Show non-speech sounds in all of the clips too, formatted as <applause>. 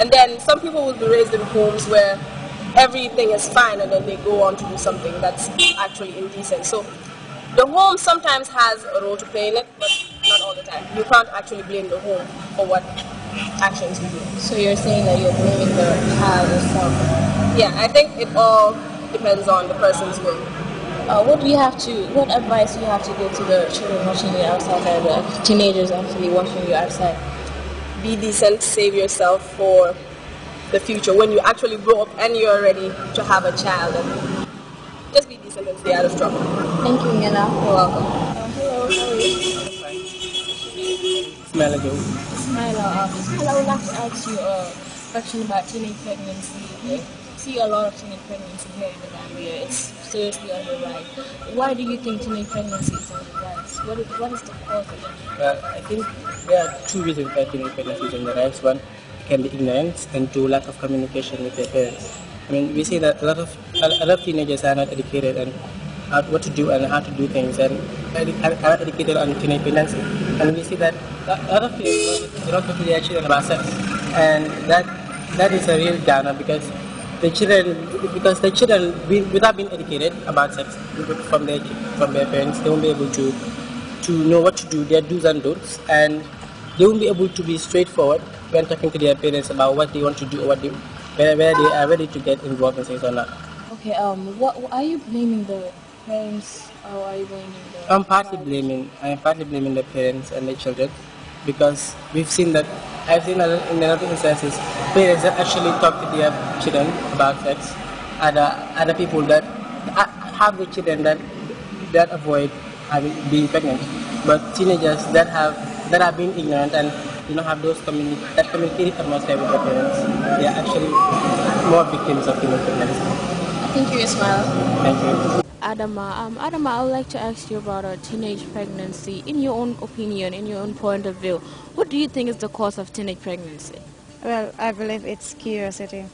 And then some people will be raised in homes where everything is fine and then they go on to do something that's actually indecent. So the home sometimes has a role to play in it, but not all the time. You can't actually blame the home for what actions you do. So you're saying that you're blaming the child itself? Yeah, I think it all depends on the person's will. Uh, what do you have to? What advice do you have to give to the children watching you outside, or the teenagers actually watching you outside? be decent, save yourself for the future when you actually grow up and you're ready to have a child. And just be decent and stay out of trouble. Thank you, Nina. You're welcome. Um, hello, how Smile again. Smile. Um, hello, I'd like to ask you a question about teenage pregnancy see a lot of teenage pregnancy here in the Gambia. It's seriously on the rise. Why do you think teenage pregnancy is on the rise? What is, what is the cause of it? Uh, I think there are two reasons why teenage pregnancy is on the rise. One can be ignorance, and two, lack of communication with their parents. I mean, we see that a lot of a lot of teenagers are not educated and how, what to do and how to do things and are educated on teenage pregnancy. And we see that a lot of people do not talk to their children about sex, and that that is a real downer because the children because the children without being educated about sex from their from their parents they won't be able to to know what to do their do's and don'ts and they won't be able to be straightforward when talking to their parents about what they want to do or what they where where they are ready to get involved in sex or not. Okay, um, what are you blaming the parents or are you blaming the? I'm partly parents? blaming. I'm partly blaming the parents and the children because we've seen that I've seen in a lot of instances parents that actually talk to their children about sex, other other people that have the children that that avoid having being pregnant, but teenagers that have that have been ignorant and you know have those communi- that communicate atmosphere with their parents, they are actually more victims of human pregnancy. Thank you, Ismail. Thank you. Adama, um, Adama, I would like to ask you about a teenage pregnancy. In your own opinion, in your own point of view, what do you think is the cause of teenage pregnancy? Well, I believe it's curiosity.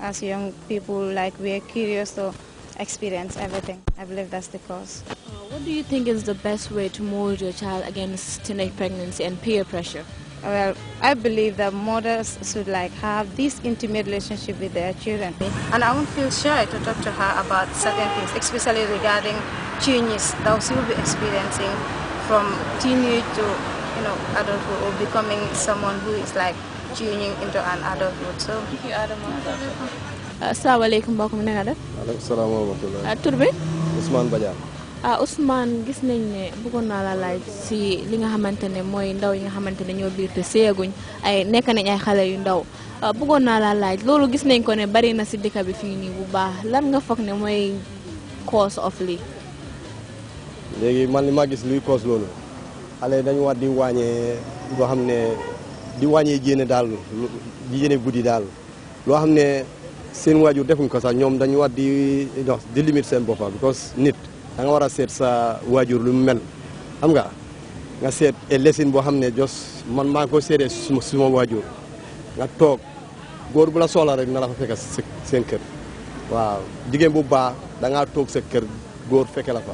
As young people, like we are curious to experience everything. I believe that's the cause. Uh, what do you think is the best way to mold your child against teenage pregnancy and peer pressure? Well, I believe that mothers should like have this intimate relationship with their children. And I won't feel shy to talk to her about certain things, especially regarding changes that she will be experiencing from teenage to you know adulthood or becoming someone who is like tuning into an adulthood. So you are uh, def. waaleykum salaam wa rahmatulah. Uh, uh, gis nañ ne bëggoon naa la laaj si li nga xamante ne mooy ndaw yi nga xamante ne ñoo biir te seeguñ ay nekk nañ ay xale yu ndaw bëggoon naa la laaj loolu gis nañ ko ne bari na si dëkk bi fii nii bu baax lan nga foog ne mooy cause of lii. léegi man li gis luy cause loolu xale dañu war di wàññee loo xam ne. di wàññee jéene daal di yéene guddi daal loo xam ne seen waajur defuñ ko sax ñoom dañu war di dox di limite seen boppa because nit da nga war a seet sa waajur lu mu mel xam nga nga seet lesin boo xam ne jos man maa ko seetee suma waajur nga toog góor bu la soxla rek na la fa fekk seen kër waaw jigéen bu baa da toog sa kër góor fekk la fa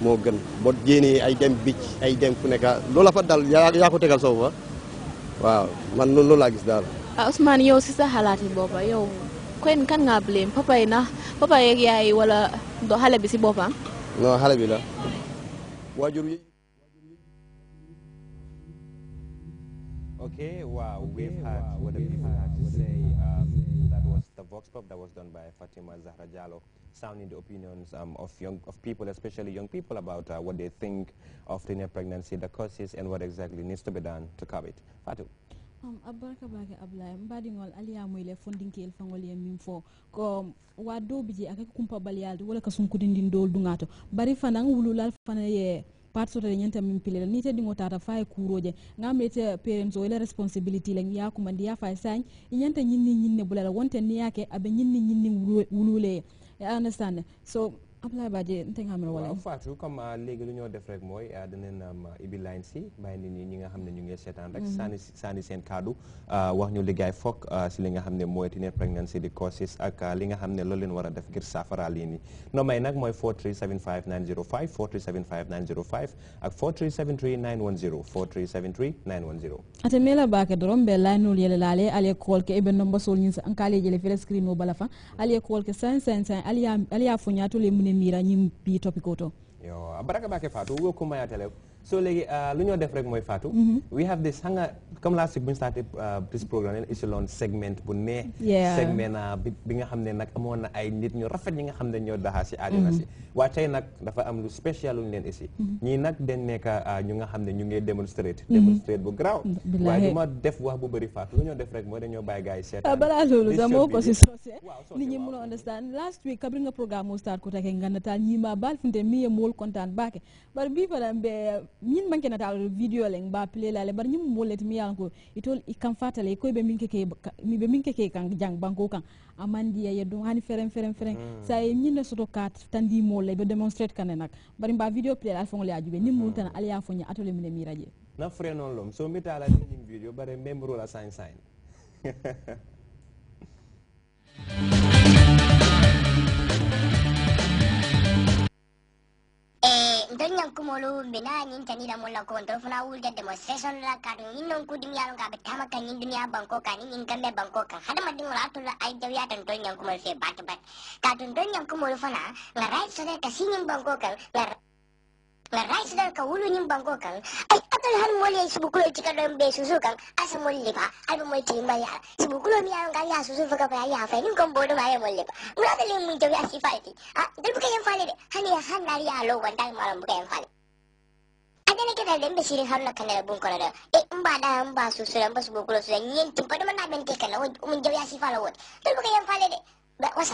moo gën boo jéenee ay dem bicc ay dem fu nekk loola fa dal yaa ko tegal soo fa waaw man loolu laa gis daal. ah Ousmane yow si sa xalaati boppa yow kenn kan ngaa blame papa yi ndax papa yaay wala do xale bi si boppam. non xale bi la Vox Pop that was done by Fatima Zahra Jallo, sounding the opinions um, of, young, of people, especially young people, about uh, what they think of teenage pregnancy, the causes, and what exactly needs to be done to curb it. Fatu. Um, abaraka bake ablaye mbadiŋol aliyamoyle fondinke'el faŋol ye miŋ fo ko wa doo bi je a ka kumpabaliyal wala ka sunkudindin dool duŋa bari fanaŋ wululal fana ye pat sota le nyanta min pilela ni tedi ngota ta fay kuroje ngam lete parents le responsibility le ya kuma ndiya fay sañ nyanta nyinni nyinne bulala wonte niyake abe nyinni nyinni wulule ya understand so Abdoulaye Badji te nga xam ne wala. waaw Fatou comme ah, léegi lu ñoo def rek mooy ah, danañ ah, ibi line si bàyyi nit ñi ñi nga xam ne ñu ngi seetaan rek. Mhm. sànni sànni seen kaddu wax ñu liggéey foog si li nga xam ne mooy pregnancy di causes ak li nga xam ne loolu leen war a def ngir saafara lii nii. nomay nag mooy 4375905 4375905 ak 4373910 4373910. ate mela baake dorom be lay nul yele laale ali école ke ibe nomba sol ñin sa ankale jele fele screen mo bala fa ali école ke 555 ali ya ali ya funyatu le mira ñim pi topi yo baraka bake fatu wo kuma ya tele so léegi euh, lu ñoo def rek mooy Fatou. Mm-hmm. we have this xam nga comme last week bu ñu starté this programme leen isilon segment bu nee. segment bi nga xam ne nag amoon na ay nit ñu rafet ñi nga xam ne ñoo daxa si àddina si. Mm-hmm. am lu spécial lu ñu leen isi. Mm-hmm. ñii nag dañ nekk euh, ñu nga xam ne ñu ngi démonstrate. démonstrate bu garaaw. waaye du ma def wax bu bari Fatou lu ñoo def rek mooy dañoo bàyyi gars yi seetaan. Ah, balaa loolu dama ko si soosee. nit ñi mën understand last week kabri nga programme start ko take nga nataal ñi ma baal funte mi ye mool kontaan baake ñin man kena tal video leng ba play la le bar ñim molet mi yan ko itol i kan fatale ko be min keke mi be min keke kan jang banko kan amandi ya do hani ferem ferem ferem mm. sa e ñin a kat tandi mo le be demonstrate kan nak bari ba video play la fon le ajube nim mo tan mm. al ya fon ya atole mi mi raje na fre non lom so mi tala ni ñim video bare memro la sign sign tel you kumolu bina ñin tani la mulla ko to funa wul de demonstration la ka ñin non ku dim yalo ka be tama kan ñin dunya banko ka ni ñin gambe banko ka hada ma ding la to ñan kumol fe bat bat to ñan kumolu fana la right so de ka tol han mole subu kulo tika don be susu kan asa molle mbali ala subu mi yaron kan susu faka fa ya fa kon bodo ma ya molle pa da le mun tawi asi falti ah dal buka fale de hani han na ya lo wan dal malam buka yan fale adene ke dal dembe siri haruna kanela bun kono da e mba da mba susu da mba subu kulo susu nyen tim pa do man na mun jawi asi fala wot dal buka yan fale de wa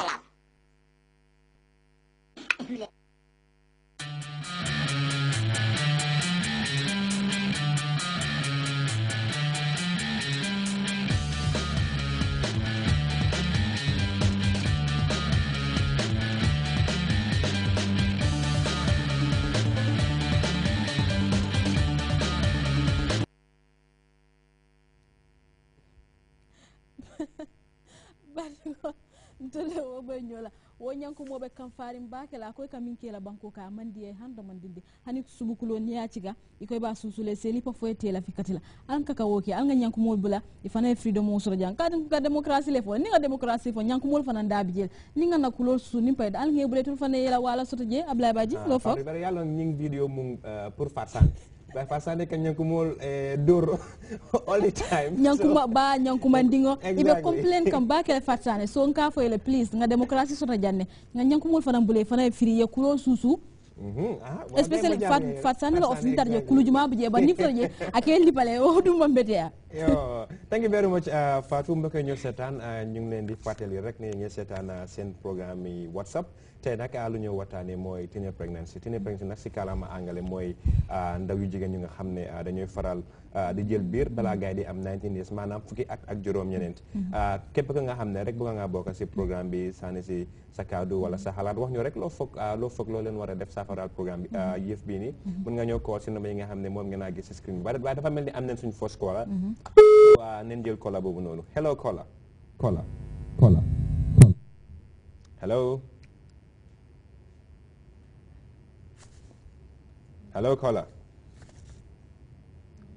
bari ko ntole wo ɓe ñola wo ñanko moɓe kam farin bake la koy kamin kela banko ka mandi e hando mandinde hani subukulo niya ciga ikoy ba susule seli pa foye tela fikati la an kaka woke an ga ñanko mol bula e fana e freedom o soro jang kadin ka démocratie le fo ni ga démocratie fo ñanko mol fana ndabi jeel ni ga nakulol su ni payda al ngi bule tul fana yela wala soto je ablay baji ah, lo fo bari yalla ñing video mum euh, pour fat sank by fasane kan nyankumol eh, duro <laughs> all the time nyankuma so. ba nyankuma ndingo exactly. ibe complain kam ba kele fasane so nka fo ile please nga demokrasi sota janne nga nyankumol fana bule fana firi ye kulon susu mm-hmm. ah, especially fat fat sanela of nitar je kulujuma bije ba ni fere je <laughs> akeli pale o oh, dum bambetea yo thank you very much uh, Fatou mbokk yi ñu seetaan ñu uh, ngi leen di fàttali rek ne ñu seetaan uh, seen programme yi WhatsApp tey nag lu ñu waxtaanee mooy teenage pregnancy teenage pregnancy nag si kàllaama angale mooy ndaw yu jigéen ñu nga xam ne dañuy faral di jël biir balaa gaay di am 19 years maanaam fukki at ak juróom-ñeneent. Mm-hmm. képp ka nga xam ne rek bëgg nga bokk si programme bi sànni si sa kaddu wala sa xalaat wax ñu rek loo foog loo foog loo leen war a def saafaraal programme bi mm-hmm. yëf bii nii. mën mm-hmm. nga ñëw koo si numéro yi nga xam ne moom ngeen a gis si screen bi waaye dafa mel ni am nañ suñu first caller kola hello kola kola kola hello hello kola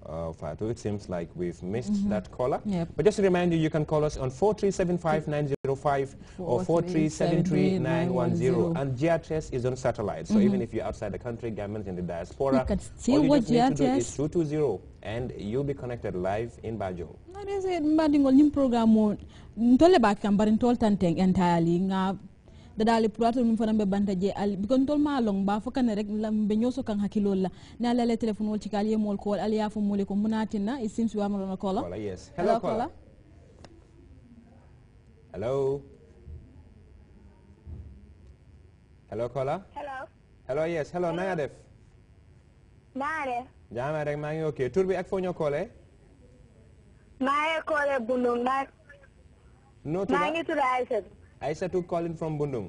uh, fire. it seems like we've missed mm -hmm. that caller. Yep. But just to remind you, you can call us on 4375905 or 4373910. And GRTS is on satellite. So mm -hmm. even if you're outside the country, government in the diaspora, you can see all you what just GRTS. need to do is 220 and you'll be connected live in Banjul. That is it. program entirely. dadali purato num fana be bantaje al bikon tol ma long ba fakane rek lambe nyoso kan hakilol la na alale telephone fo mole ko munatina it seems we are on a caller caller yes hello, hello caller hello hello caller hello hello yes hello, hello. na def na def jama rek ma ngi okay tour bi ak fo ñoo kolé ngi kolé bu no maa ngi tudd Aisyatu calling from Bundung.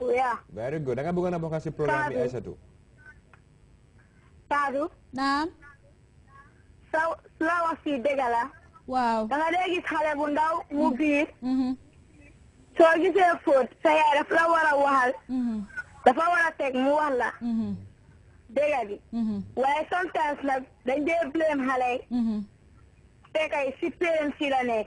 Yeah. Oh, ya. Very good. Dengan bukan apa kasih program ni Aisyatu. Saru. Nam. Selawat si degala. Wow. Anga degi khale bundau mubir. Mhm. Mm-hmm. So saya food saya ada flower awal. Mhm. flower tek mual lah. Mhm. Degali. Mhm. Why sometimes like they blame halay. Mhm. Take I see parents